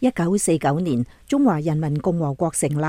一九四九年，中華人民共和國成立，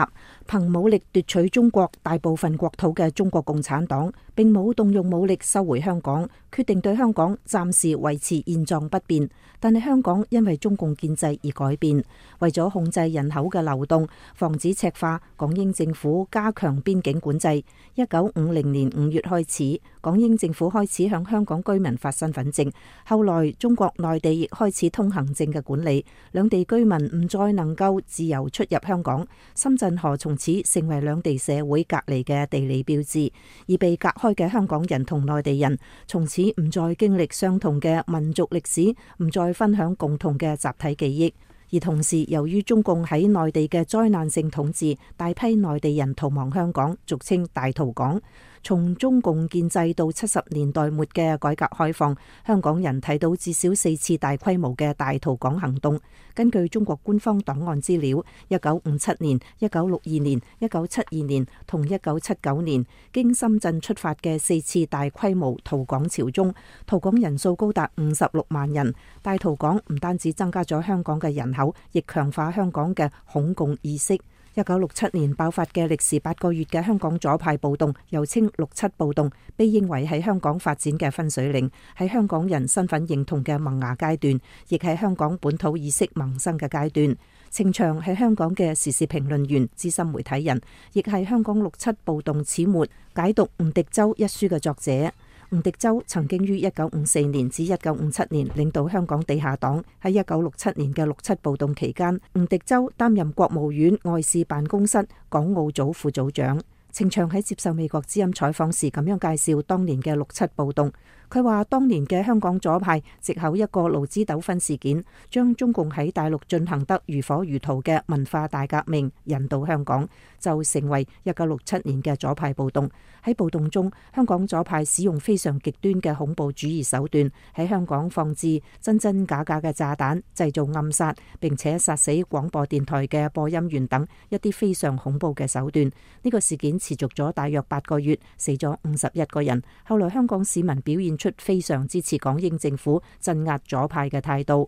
憑武力奪取中國大部分國土嘅中國共產黨，並冇動用武力收回香港，決定對香港暫時維持現狀不變。但係香港因為中共建制而改變，為咗控制人口嘅流動，防止赤化，港英政府加強邊境管制。一九五零年五月開始，港英政府開始向香港居民發身份證，後來中國內地亦開始通行證嘅管理，兩地居民，唔再能夠自由出入香港，深圳河從此成為兩地社會隔離嘅地理標誌，而被隔開嘅香港人同內地人，從此唔再經歷相同嘅民族歷史，唔再分享共同嘅集體記憶。而同時，由於中共喺內地嘅災難性統治，大批內地人逃亡香港，俗稱大逃港。從中共建制到七十年代末嘅改革開放，香港人睇到至少四次大規模嘅大逃港行動。根據中國官方檔案資料，一九五七年、一九六二年、一九七二年同一九七九年，經深圳出發嘅四次大規模逃港潮中，逃港人數高達五十六萬人。大逃港唔單止增加咗香港嘅人口，亦強化香港嘅恐共意識。一九六七年爆發嘅歷時八個月嘅香港左派暴動，又稱六七暴動，被認為係香港發展嘅分水嶺，喺香港人身份認同嘅萌芽階段，亦係香港本土意識萌生嘅階段。程翔係香港嘅時事評論員、資深媒體人，亦係香港六七暴動始末解讀《吳迪洲》一書嘅作者。吳迪洲曾經於一九五四年至一九五七年領導香港地下黨。喺一九六七年嘅六七暴動期間，吳迪洲擔任國務院外事辦公室港澳組副組長。程翔喺接受美國之音採訪時咁樣介紹當年嘅六七暴動。佢話：當年嘅香港左派藉口一個勞資糾紛事件，將中共喺大陸進行得如火如荼嘅文化大革命引到香港，就成為一九六七年嘅左派暴動。喺暴動中，香港左派使用非常極端嘅恐怖主義手段，喺香港放置真真假假嘅炸彈，製造暗殺，並且殺死廣播電台嘅播音員等一啲非常恐怖嘅手段。呢、這個事件持續咗大約八個月，死咗五十一個人。後來香港市民表現出非常支持港英政府鎮壓左派嘅態度，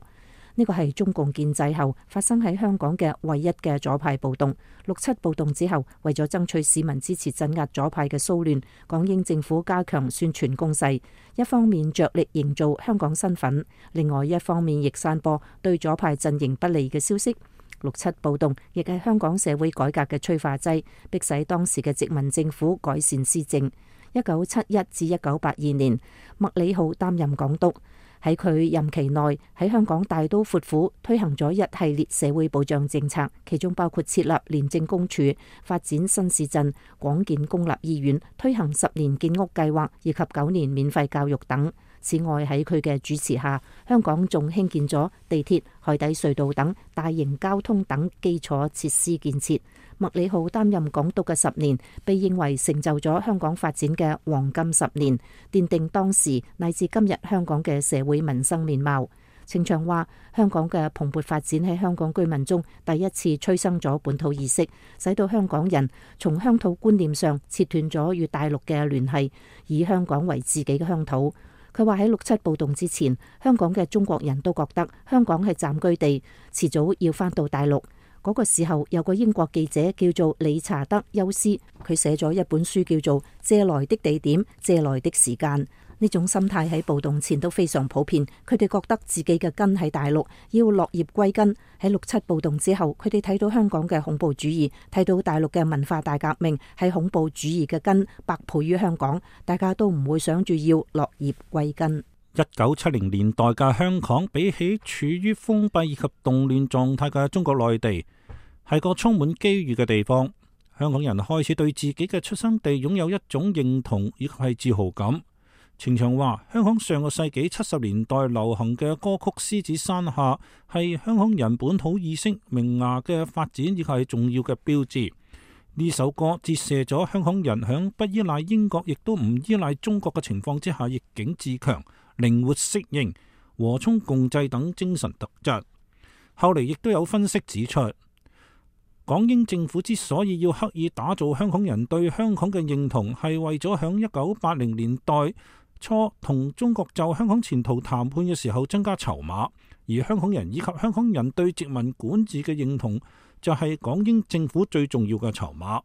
呢個係中共建制後發生喺香港嘅唯一嘅左派暴動。六七暴動之後，為咗爭取市民支持鎮壓左派嘅騷亂，港英政府加強宣傳攻勢，一方面着力營造香港身份，另外一方面亦散播對左派陣營不利嘅消息。六七暴動亦係香港社會改革嘅催化劑，迫使當時嘅殖民政府改善施政。一九七一至一九八二年，麥理浩擔任港督。喺佢任期內，喺香港大刀闊斧推行咗一系列社會保障政策，其中包括設立廉政公署、發展新市鎮、廣建公立醫院、推行十年建屋計劃以及九年免費教育等。此外，喺佢嘅主持下，香港仲興建咗地鐵、海底隧道等大型交通等基礎設施建設。麥理浩擔任港督嘅十年，被認為成就咗香港發展嘅黃金十年，奠定當時乃至今日香港嘅社會民生面貌。程翔話：香港嘅蓬勃發展喺香港居民中第一次催生咗本土意識，使到香港人從鄉土觀念上切斷咗與大陸嘅聯繫，以香港為自己嘅鄉土。佢話喺六七暴動之前，香港嘅中國人都覺得香港係暫居地，遲早要翻到大陸。嗰個時候有個英國記者叫做理查德休斯，佢寫咗一本書叫做《借來的地點，借來的時間》。呢種心態喺暴動前都非常普遍，佢哋覺得自己嘅根喺大陸，要落葉歸根。喺六七暴動之後，佢哋睇到香港嘅恐怖主義，睇到大陸嘅文化大革命，喺恐怖主義嘅根百倍於香港，大家都唔會想住要落葉歸根。一九七零年代嘅香港，比起處於封閉以及動亂狀態嘅中國內地，係個充滿機遇嘅地方。香港人開始對自己嘅出生地擁有一種認同以及係自豪感。程翔話：香港上個世紀七十年代流行嘅歌曲《獅子山下》，係香港人本土意識萌芽嘅發展，亦係重要嘅標誌。呢首歌折射咗香港人響不依賴英國，亦都唔依賴中國嘅情況之下，逆境自強。靈活適應、和衷共濟等精神特質。後嚟亦都有分析指出，港英政府之所以要刻意打造香港人對香港嘅認同，係為咗響一九八零年代初同中國就香港前途談判嘅時候增加籌碼。而香港人以及香港人對殖民管治嘅認同，就係港英政府最重要嘅籌碼。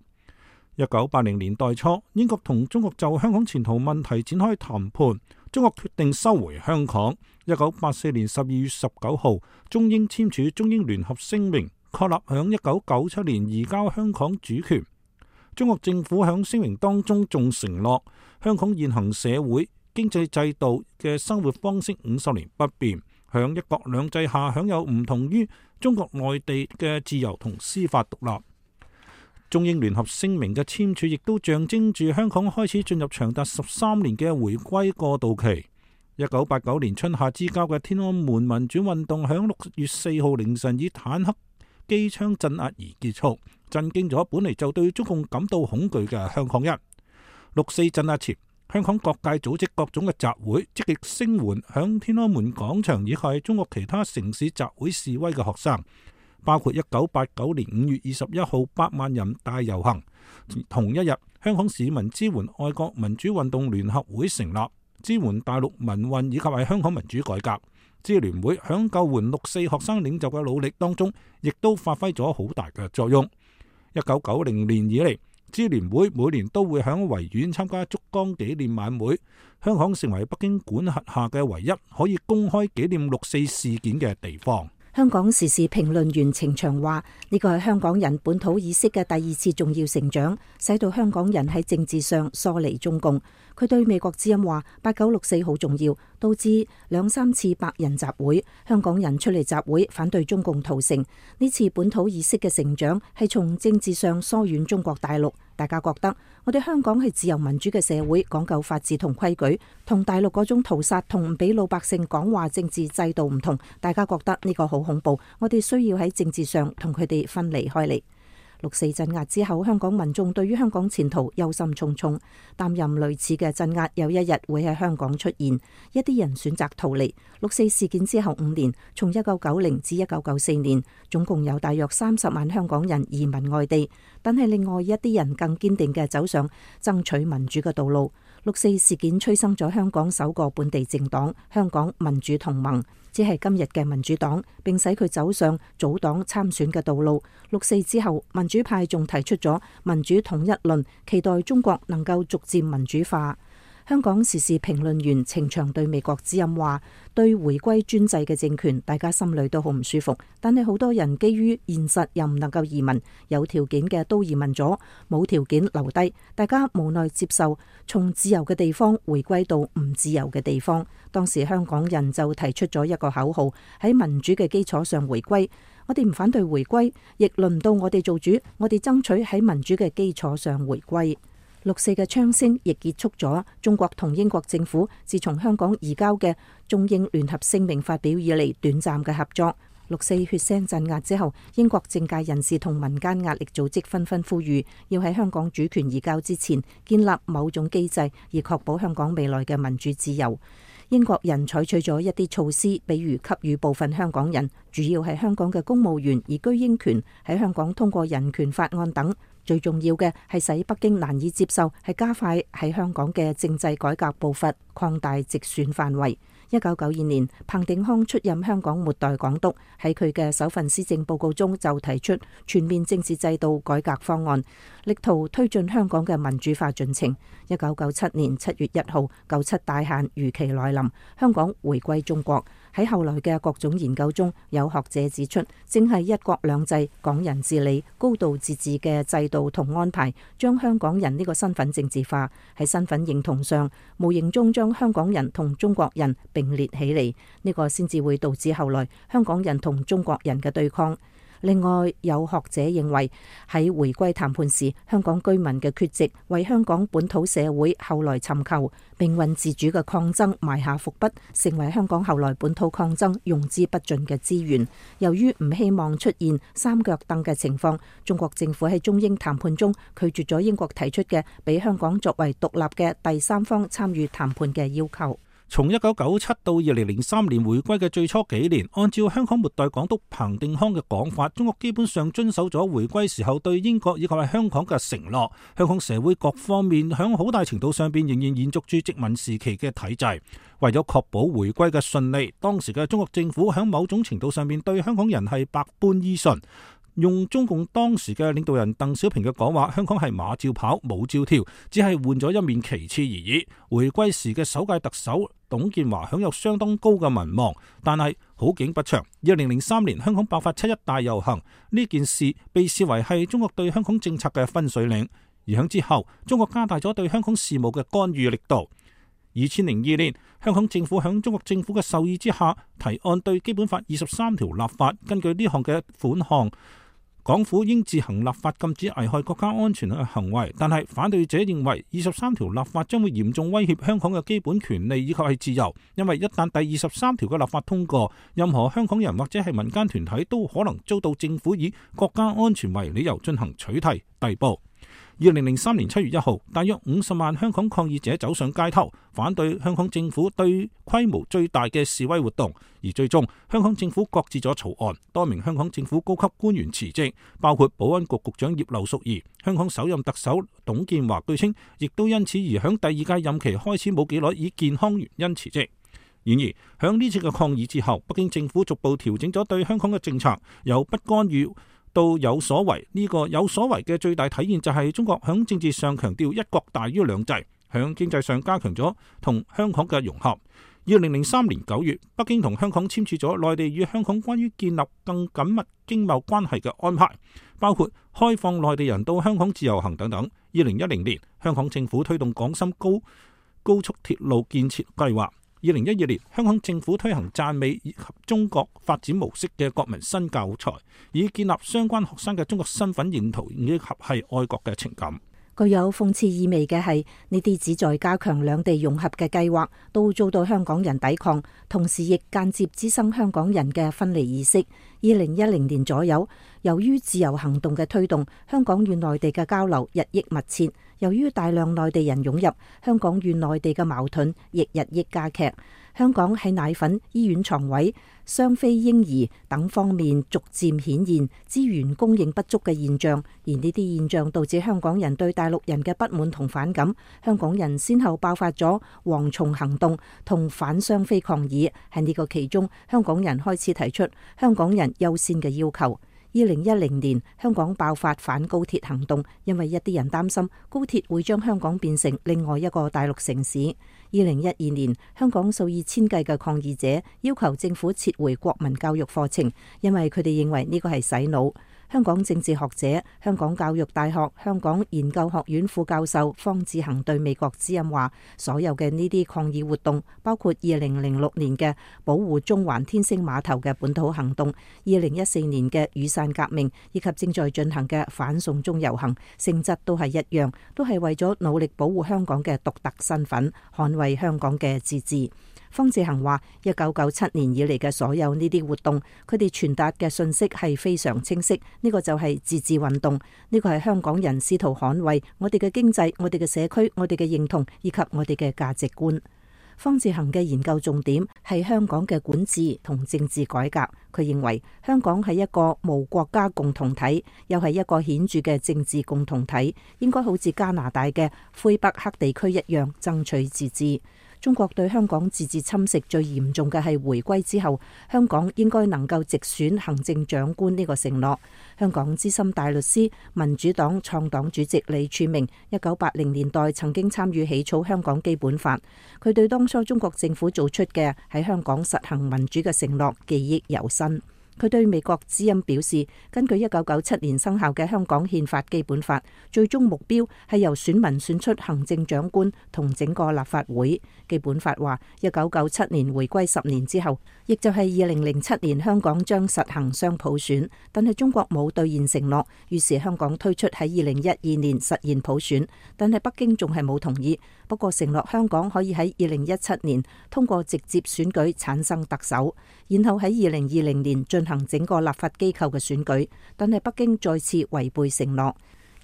一九八零年代初，英國同中國就香港前途問題展開談判。中國決定收回香港。一九八四年十二月十九號，中英簽署《中英聯合聲明》，確立響一九九七年移交香港主權。中國政府響聲明當中仲承諾，香港現行社會經濟制度嘅生活方式五十年不變，響一國兩制下享有唔同於中國內地嘅自由同司法獨立。中英聯合聲明嘅簽署，亦都象徵住香港開始進入長達十三年嘅回歸過渡期。一九八九年春夏之交嘅天安門民主運動，響六月四號凌晨以坦克、機槍鎮壓而結束，震驚咗本嚟就對中共感到恐懼嘅香港人。六四鎮壓前，香港各界組織各種嘅集會，積極聲援響天安門廣場以及中國其他城市集會示威嘅學生。包括一九八九年五月二十一號百萬人大遊行，同一日香港市民支援愛國民主運動聯合會成立，支援大陸民運以及喺香港民主改革。支聯會響救援六四學生領袖嘅努力當中，亦都發揮咗好大嘅作用。一九九零年以嚟，支聯會每年都會響維園參加燭光紀念晚會。香港成為北京管轄下嘅唯一可以公開紀念六四事件嘅地方。香港時事評論員程翔話：呢個係香港人本土意識嘅第二次重要成長，使到香港人喺政治上疏離中共。佢對美國之音話：八九六四好重要，導致兩三次白人集會，香港人出嚟集會反對中共屠城。呢次本土意識嘅成長係從政治上疏遠中國大陸。大家覺得我哋香港係自由民主嘅社會，講究法治同規矩，同大陸嗰種屠殺同唔俾老百姓講話政治制度唔同。大家覺得呢個好恐怖，我哋需要喺政治上同佢哋分離開嚟。六四鎮壓之後，香港民眾對於香港前途憂心忡忡，擔任類似嘅鎮壓有一日會喺香港出現。一啲人選擇逃離。六四事件之後五年，從一九九零至一九九四年，總共有大約三十萬香港人移民外地，但係另外一啲人更堅定嘅走上爭取民主嘅道路。六四事件催生咗香港首個本地政黨——香港民主同盟，即係今日嘅民主黨，並使佢走上組黨參選嘅道路。六四之後，民主派仲提出咗民主統一論，期待中國能夠逐漸民主化。香港時事評論員程翔對美國之音話：對回歸專制嘅政權，大家心裏都好唔舒服。但係好多人基於現實，又唔能夠移民，有條件嘅都移民咗，冇條件留低，大家無奈接受從自由嘅地方回歸到唔自由嘅地方。當時香港人就提出咗一個口號：喺民主嘅基礎上回歸。我哋唔反對回歸，亦輪唔到我哋做主。我哋爭取喺民主嘅基礎上回歸。六四嘅槍聲亦結束咗，中國同英國政府自從香港移交嘅中英聯合聲明發表以嚟短暫嘅合作。六四血腥鎮壓之後，英國政界人士同民間壓力組織紛紛呼籲，要喺香港主權移交之前建立某種機制，以確保香港未來嘅民主自由。英國人採取咗一啲措施，比如給予部分香港人，主要係香港嘅公務員以居英權，喺香港通過人權法案等。最重要嘅係使北京難以接受，係加快喺香港嘅政制改革步伐，擴大直選範圍。一九九二年，彭定康出任香港末代港督，喺佢嘅首份施政報告中就提出全面政治制度改革方案，力圖推進香港嘅民主化進程。一九九七年七月一號，九七大限如期來臨，香港回歸中國。喺後來嘅各種研究中，有學者指出，正係一國兩制、港人治理、高度自治嘅制度同安排，將香港人呢個身份政治化，喺身份認同上，無形中將香港人同中國人並列起嚟，呢、這個先至會導致後來香港人同中國人嘅對抗。另外，有學者認為喺回歸談判時，香港居民嘅缺席為香港本土社會後來尋求命運自主嘅抗爭埋下伏筆，成為香港後來本土抗爭用之不盡嘅資源。由於唔希望出現三腳凳嘅情況，中國政府喺中英談判中拒絕咗英國提出嘅俾香港作為獨立嘅第三方參與談判嘅要求。從一九九七到二零零三年回歸嘅最初幾年，按照香港末代港督彭定康嘅講法，中國基本上遵守咗回歸時候對英國以及係香港嘅承諾。香港社會各方面響好大程度上邊仍然延續住殖民時期嘅體制。為咗確保回歸嘅順利，當時嘅中國政府響某種程度上面對香港人係百般依順。用中共當時嘅領導人鄧小平嘅講話，香港係馬照跑，舞照跳，只係換咗一面旗幟而已。回歸時嘅首屆特首。董建華享有相當高嘅民望，但係好景不長。二零零三年香港爆發七一大遊行，呢件事被視為係中國對香港政策嘅分水嶺。而喺之後，中國加大咗對香港事務嘅干預力度。二千零二年，香港政府喺中國政府嘅授意之下，提案對《基本法》二十三條立法。根據呢項嘅款項。港府應自行立法禁止危害國家安全嘅行為，但係反對者認為二十三條立法將會嚴重威脅香港嘅基本權利以及係自由，因為一旦第二十三條嘅立法通過，任何香港人或者係民間團體都可能遭到政府以國家安全為理由進行取締、逮捕。二零零三年七月一號，大約五十萬香港抗議者走上街頭，反對香港政府對規模最大嘅示威活動，而最終香港政府擱置咗草案，多名香港政府高級官員辭職，包括保安局局長葉劉淑儀、香港首任特首董建華，據稱亦都因此而響第二屆任期開始冇幾耐，以健康原因辭職。然而響呢次嘅抗議之後，北京政府逐步調整咗對香港嘅政策，由不干預到有所為，呢個有所為嘅最大體現就係中國喺政治上強調一國大於兩制，喺經濟上加強咗同香港嘅融合。二零零三年九月，北京同香港簽署咗內地與香港關於建立更緊密經貿關係嘅安排，包括開放內地人到香港自由行等等。二零一零年，香港政府推動港深高高速鐵路建設計劃。二零一二年，香港政府推行讚美以及中國發展模式嘅國民新教材，以建立相關學生嘅中國身份認同，以及係愛國嘅情感。具有諷刺意味嘅係呢啲旨在加強兩地融合嘅計劃都遭到香港人抵抗，同時亦間接滋生香港人嘅分離意識。二零一零年左右，由於自由行動嘅推動，香港與內地嘅交流日益密切。由於大量內地人湧入，香港與內地嘅矛盾亦日益加劇。香港喺奶粉、醫院床位、雙非嬰兒等方面，逐漸顯現資源供應不足嘅現象。而呢啲現象導致香港人對大陸人嘅不滿同反感。香港人先後爆發咗蝗蟲行動同反雙非抗議，喺呢個其中，香港人開始提出香港人優先嘅要求。二零一零年，香港爆發反高鐵行動，因為一啲人擔心高鐵會將香港變成另外一個大陸城市。二零一二年，香港數以千計嘅抗議者要求政府撤回國民教育課程，因為佢哋認為呢個係洗腦。香港政治學者、香港教育大學香港研究學院副教授方志恒對美國之音話：所有嘅呢啲抗議活動，包括二零零六年嘅保護中環天星碼頭嘅本土行動，二零一四年嘅雨傘革命，以及正在進行嘅反送中遊行，性質都係一樣，都係為咗努力保護香港嘅獨特身份，捍衛香港嘅自治。方志恒話：一九九七年以嚟嘅所有呢啲活動，佢哋傳達嘅信息係非常清晰。呢個就係自治運動，呢個係香港人試圖捍衛我哋嘅經濟、我哋嘅社區、我哋嘅認同以及我哋嘅價值觀。方志恒嘅研究重點係香港嘅管治同政治改革。佢認為香港係一個無國家共同體，又係一個顯著嘅政治共同體，應該好似加拿大嘅魁北克地區一樣爭取自治。中國對香港自治侵蝕最嚴重嘅係回歸之後，香港應該能夠直選行政長官呢個承諾。香港資深大律師、民主黨創黨主席李柱銘，一九八零年代曾經參與起草香港基本法，佢對當初中國政府做出嘅喺香港實行民主嘅承諾記憶猶新。佢對美國之音表示，根據一九九七年生效嘅香港憲法基本法，最終目標係由選民選出行政長官同整個立法會。基本法話，一九九七年回歸十年之後，亦就係二零零七年香港將實行雙普選，但係中國冇兌現承諾，於是香港推出喺二零一二年實現普選，但係北京仲係冇同意。不過承諾香港可以喺二零一七年通過直接選舉產生特首，然後喺二零二零年進行整個立法機構嘅選舉，但係北京再次違背承諾。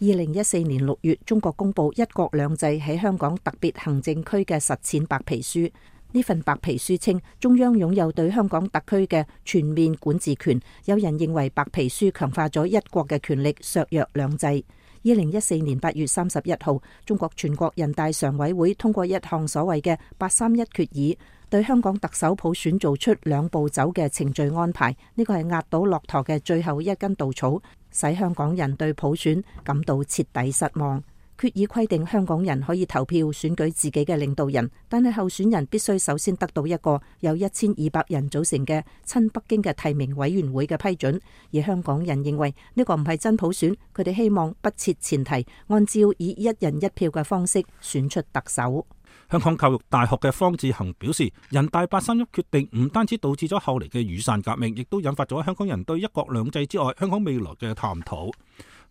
二零一四年六月，中國公布《一國兩制》喺香港特別行政區嘅實踐白皮書。呢份白皮書稱中央擁有對香港特區嘅全面管治權。有人認為白皮書強化咗一國嘅權力，削弱兩制。二零一四年八月三十一號，中國全國人大常委會通過一項所謂嘅《八三一決議》，對香港特首普選做出兩步走嘅程序安排。呢個係壓倒駱駝嘅最後一根稻草，使香港人對普選感到徹底失望。決議規定香港人可以投票選舉自己嘅領導人，但係候選人必須首先得到一個由一千二百人組成嘅親北京嘅提名委員會嘅批准。而香港人認為呢個唔係真普選，佢哋希望不設前提，按照以一人一票嘅方式選出特首。香港教育大學嘅方志恒表示，人大八三一決定唔單止導致咗後嚟嘅雨傘革命，亦都引發咗香港人對一國兩制之外香港未來嘅探討。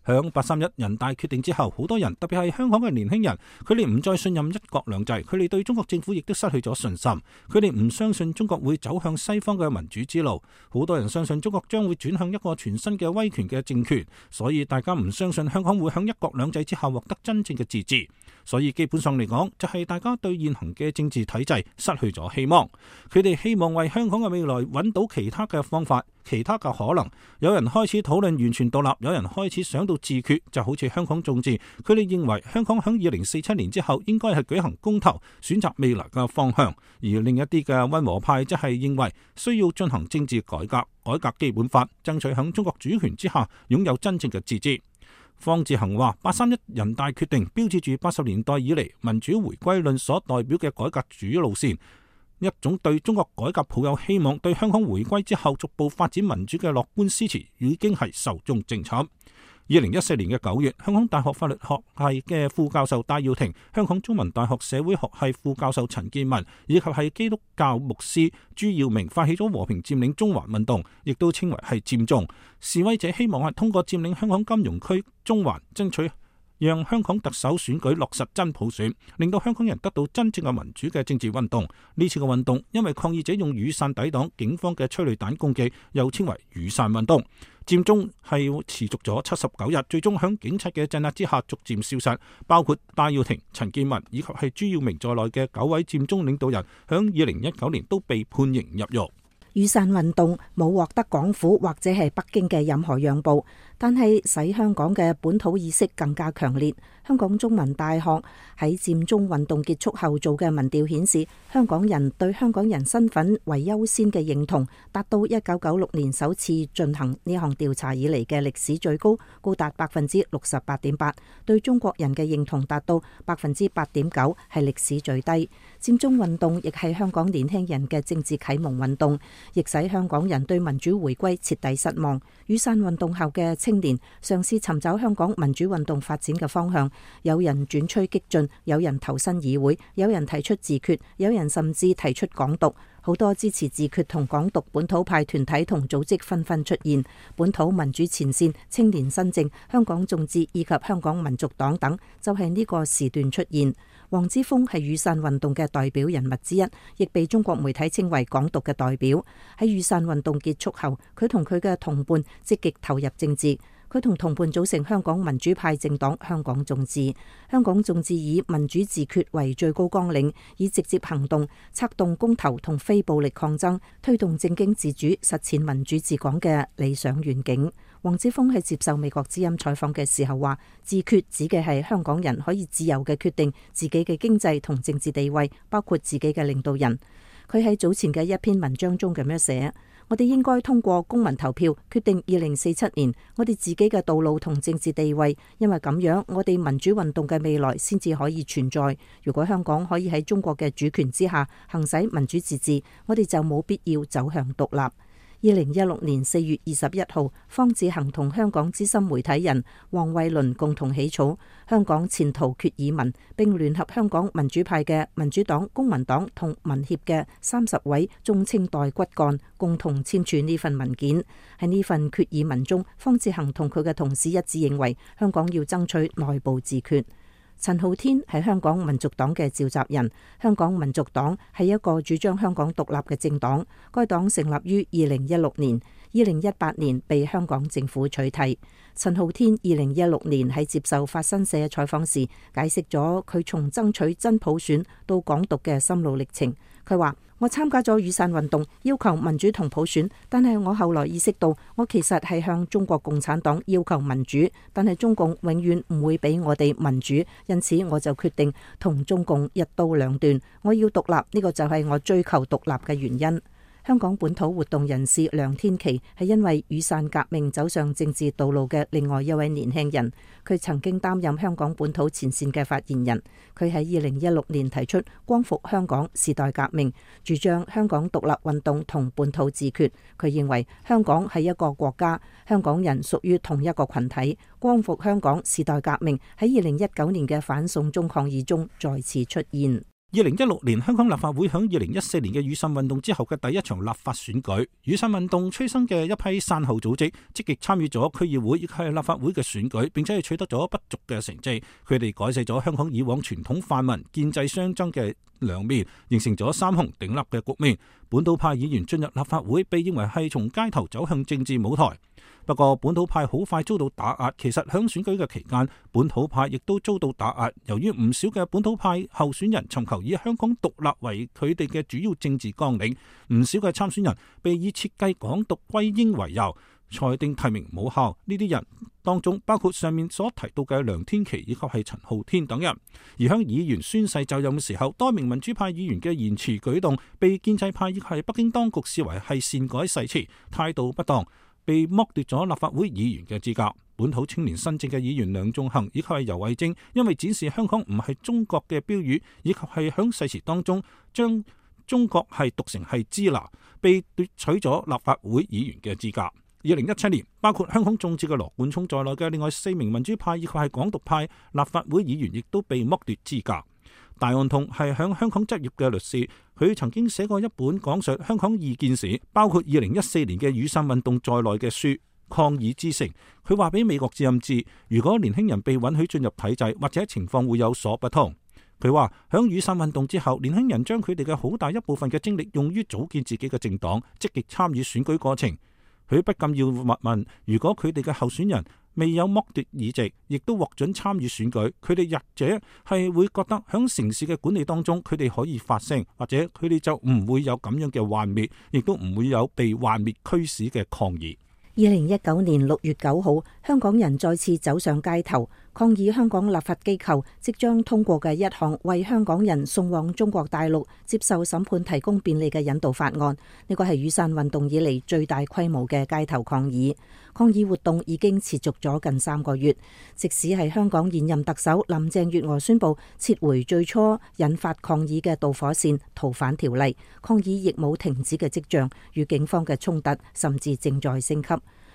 喺八三一人大決定之後，好多人特別係香港嘅年輕人，佢哋唔再信任一國兩制，佢哋對中國政府亦都失去咗信心。佢哋唔相信中國會走向西方嘅民主之路，好多人相信中國將會轉向一個全新嘅威權嘅政權。所以大家唔相信香港會喺一國兩制之下獲得真正嘅自治。所以基本上嚟講，就係、是、大家對現行嘅政治體制失去咗希望。佢哋希望為香港嘅未來揾到其他嘅方法。其他嘅可能，有人開始討論完全獨立，有人開始想到自決，就好似香港眾志。佢哋認為香港響二零四七年之後應該係舉行公投，選擇未來嘅方向。而另一啲嘅溫和派則係認為需要進行政治改革，改革基本法，爭取響中國主權之下擁有真正嘅自治。方志恒話八三一人大決定標誌住八十年代以嚟民主回歸論所代表嘅改革主路線。一種對中國改革抱有希望，對香港回歸之後逐步發展民主嘅樂觀思潮，已經係壽終正寢。二零一四年嘅九月，香港大學法律學系嘅副教授戴耀廷、香港中文大學社會學系副教授陳建文以及係基督教牧師朱耀明發起咗和平佔領中環運動，亦都稱為係佔中。示威者希望係通過佔領香港金融區中環，爭取讓香港特首選舉落實真普選，令到香港人得到真正嘅民主嘅政治運動。呢次嘅運動，因為抗議者用雨傘抵擋警方嘅催淚彈攻擊，又稱為雨傘運動。佔中係持續咗七十九日，最終響警察嘅鎮壓之下逐漸消失。包括戴耀廷、陳健民以及係朱耀明在內嘅九位佔中領導人，響二零一九年都被判刑入獄。雨傘運動冇獲得港府或者係北京嘅任何讓步。但係使香港嘅本土意識更加強烈。香港中文大學喺佔中運動結束後做嘅民調顯示，香港人對香港人身份為優先嘅認同達到一九九六年首次進行呢項調查以來嘅歷史最高，高達百分之六十八點八；對中國人嘅認同達到百分之八點九，係歷史最低。佔中運動亦係香港年輕人嘅政治啟蒙運動，亦使香港人對民主回歸徹底失望。雨傘運動後嘅清青年嘗試尋找香港民主運動發展嘅方向，有人轉趨激進，有人投身議會，有人提出自決，有人甚至提出港獨。好多支持自決同港獨本土派團體同組織紛紛出現，本土民主前綫、青年新政、香港眾志以及香港民族黨等，就喺呢個時段出現。黃之鋒係雨傘運動嘅代表人物之一，亦被中國媒體稱為港獨嘅代表。喺雨傘運動結束後，佢同佢嘅同伴積極投入政治。佢同同伴組成香港民主派政黨香港眾志。香港眾志以民主自決為最高綱領，以直接行動策動公投同非暴力抗爭，推動政經自主，實踐民主治港嘅理想願景。黃之鋒喺接受美國之音採訪嘅時候話：自決指嘅係香港人可以自由嘅決定自己嘅經濟同政治地位，包括自己嘅領導人。佢喺早前嘅一篇文章中咁樣寫：我哋應該通過公民投票決定二零四七年我哋自己嘅道路同政治地位，因為咁樣我哋民主運動嘅未來先至可以存在。如果香港可以喺中國嘅主權之下行使民主自治，我哋就冇必要走向獨立。二零一六年四月二十一號，方志恒同香港資深媒體人王慧麟共同起草《香港前途決議文》，並聯合香港民主派嘅民主黨、公民黨同民協嘅三十位中青代骨幹共同簽署呢份文件。喺呢份決議文中，方志恒同佢嘅同事一致認為，香港要爭取內部自決。陳浩天係香港民族黨嘅召集人。香港民族黨係一個主張香港獨立嘅政黨，該黨成立於二零一六年。二零一八年被香港政府取締。陳浩天二零一六年喺接受《法新社》採訪時，解釋咗佢從爭取真普選到港獨嘅心路歷程。佢話：我參加咗雨傘運動，要求民主同普選，但係我後來意識到，我其實係向中國共產黨要求民主，但係中共永遠唔會俾我哋民主，因此我就決定同中共一刀兩斷。我要獨立，呢個就係我追求獨立嘅原因。香港本土活動人士梁天琦係因為雨傘革命走上政治道路嘅另外一位年輕人，佢曾經擔任香港本土前線嘅發言人。佢喺二零一六年提出光復香港時代革命，主張香港獨立運動同本土自決。佢認為香港係一個國家，香港人屬於同一個群體。光復香港時代革命喺二零一九年嘅反送中抗議中再次出現。二零一六年香港立法會，喺二零一四年嘅雨傘運動之後嘅第一場立法選舉。雨傘運動催生嘅一批傘後組織，積極參與咗區議會以及立法會嘅選舉，並且係取得咗不俗嘅成績。佢哋改寫咗香港以往傳統泛民建制相爭嘅兩面，形成咗三雄鼎立嘅局面。本土派議員進入立法會，被認為係從街頭走向政治舞台。不過，本土派好快遭到打壓。其實喺選舉嘅期間，本土派亦都遭到打壓。由於唔少嘅本土派候選人尋求以香港獨立為佢哋嘅主要政治綱領，唔少嘅參選人被以設計港獨歸英為由裁定提名無效。呢啲人當中包括上面所提到嘅梁天琦，以及係陳浩天等人。而喺議員宣誓就任嘅時候，多名民主派議員嘅言辭舉動被建制派亦係北京當局視為係擅改誓詞，態度不當。被剝奪咗立法會議員嘅資格，本土青年新政嘅議員梁頌恆以及係游蕙禎，因為展示香港唔係中國嘅標語，以及係響誓詞當中將中國係讀成係支那，被奪取咗立法會議員嘅資格。二零一七年，包括香港眾志嘅羅冠聰在內嘅另外四名民主派以及係港獨派立法會議員，亦都被剝奪資格。大案通係響香港執業嘅律師，佢曾經寫過一本講述香港異見史，包括二零一四年嘅雨傘運動在內嘅書《抗議之城》。佢話俾美國之音知，如果年輕人被允許進入體制，或者情況會有所不同。佢話響雨傘運動之後，年輕人將佢哋嘅好大一部分嘅精力用於組建自己嘅政黨，積極參與選舉過程。佢不禁要問：如果佢哋嘅候選人未有剝奪議席，亦都獲准參與選舉，佢哋日者係會覺得響城市嘅管理當中，佢哋可以發聲，或者佢哋就唔會有咁樣嘅幻滅，亦都唔會有被幻滅驅使嘅抗議。二零一九年六月九號，香港人再次走上街頭。抗議香港立法機構即將通過嘅一項為香港人送往中國大陸接受審判提供便利嘅引渡法案，呢個係雨傘運動以嚟最大規模嘅街頭抗議。抗議活動已經持續咗近三個月，即使係香港現任特首林鄭月娥宣布撤回最初引發抗議嘅導火線《逃犯條例》，抗議亦冇停止嘅跡象，與警方嘅衝突甚至正在升級。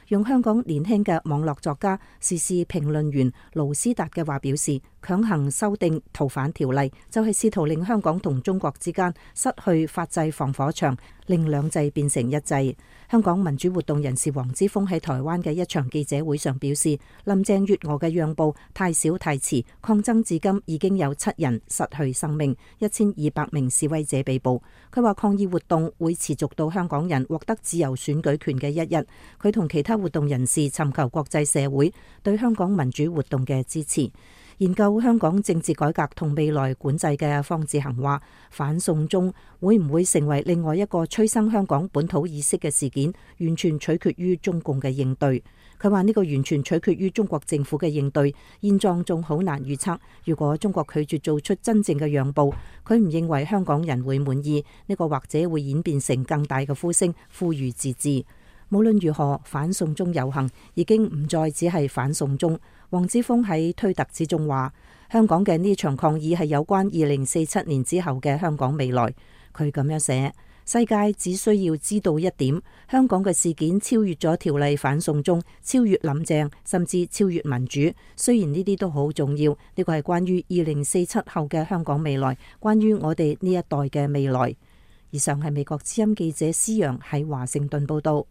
用香港年輕嘅網絡作家、時事評論員盧斯達嘅話表示，強行修訂逃犯條例就係試圖令香港同中國之間失去法制防火牆，令兩制變成一制。香港民主活動人士黃之鋒喺台灣嘅一場記者會上表示，林鄭月娥嘅讓步太少太遲，抗爭至今已經有七人失去生命，一千二百名示威者被捕。佢話抗議活動會持續到香港人獲得自由選舉權嘅一日。佢同其他活動人士尋求國際社會對香港民主活動嘅支持。研究香港政治改革同未來管制嘅方志恒話：反送中會唔會成為另外一個催生香港本土意識嘅事件，完全取決於中共嘅應對。佢話呢個完全取決於中國政府嘅應對，現狀仲好難預測。如果中國拒絕做出真正嘅讓步，佢唔認為香港人會滿意。呢個或者會演變成更大嘅呼聲，呼籲自治。無論如何，反送中遊行已經唔再只係反送中。王之峰喺推特之中話：香港嘅呢場抗議係有關二零四七年之後嘅香港未來。佢咁樣寫：世界只需要知道一點，香港嘅事件超越咗條例反送中，超越林鄭，甚至超越民主。雖然呢啲都好重要，呢個係關於二零四七後嘅香港未來，關於我哋呢一代嘅未來。以上係美國之音記者施揚喺華盛頓報道。